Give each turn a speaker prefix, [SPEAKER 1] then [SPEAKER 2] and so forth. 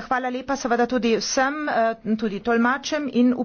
[SPEAKER 1] hvala lepa seveda tudi vsem eh, tudi tolmačem in uporabnikom.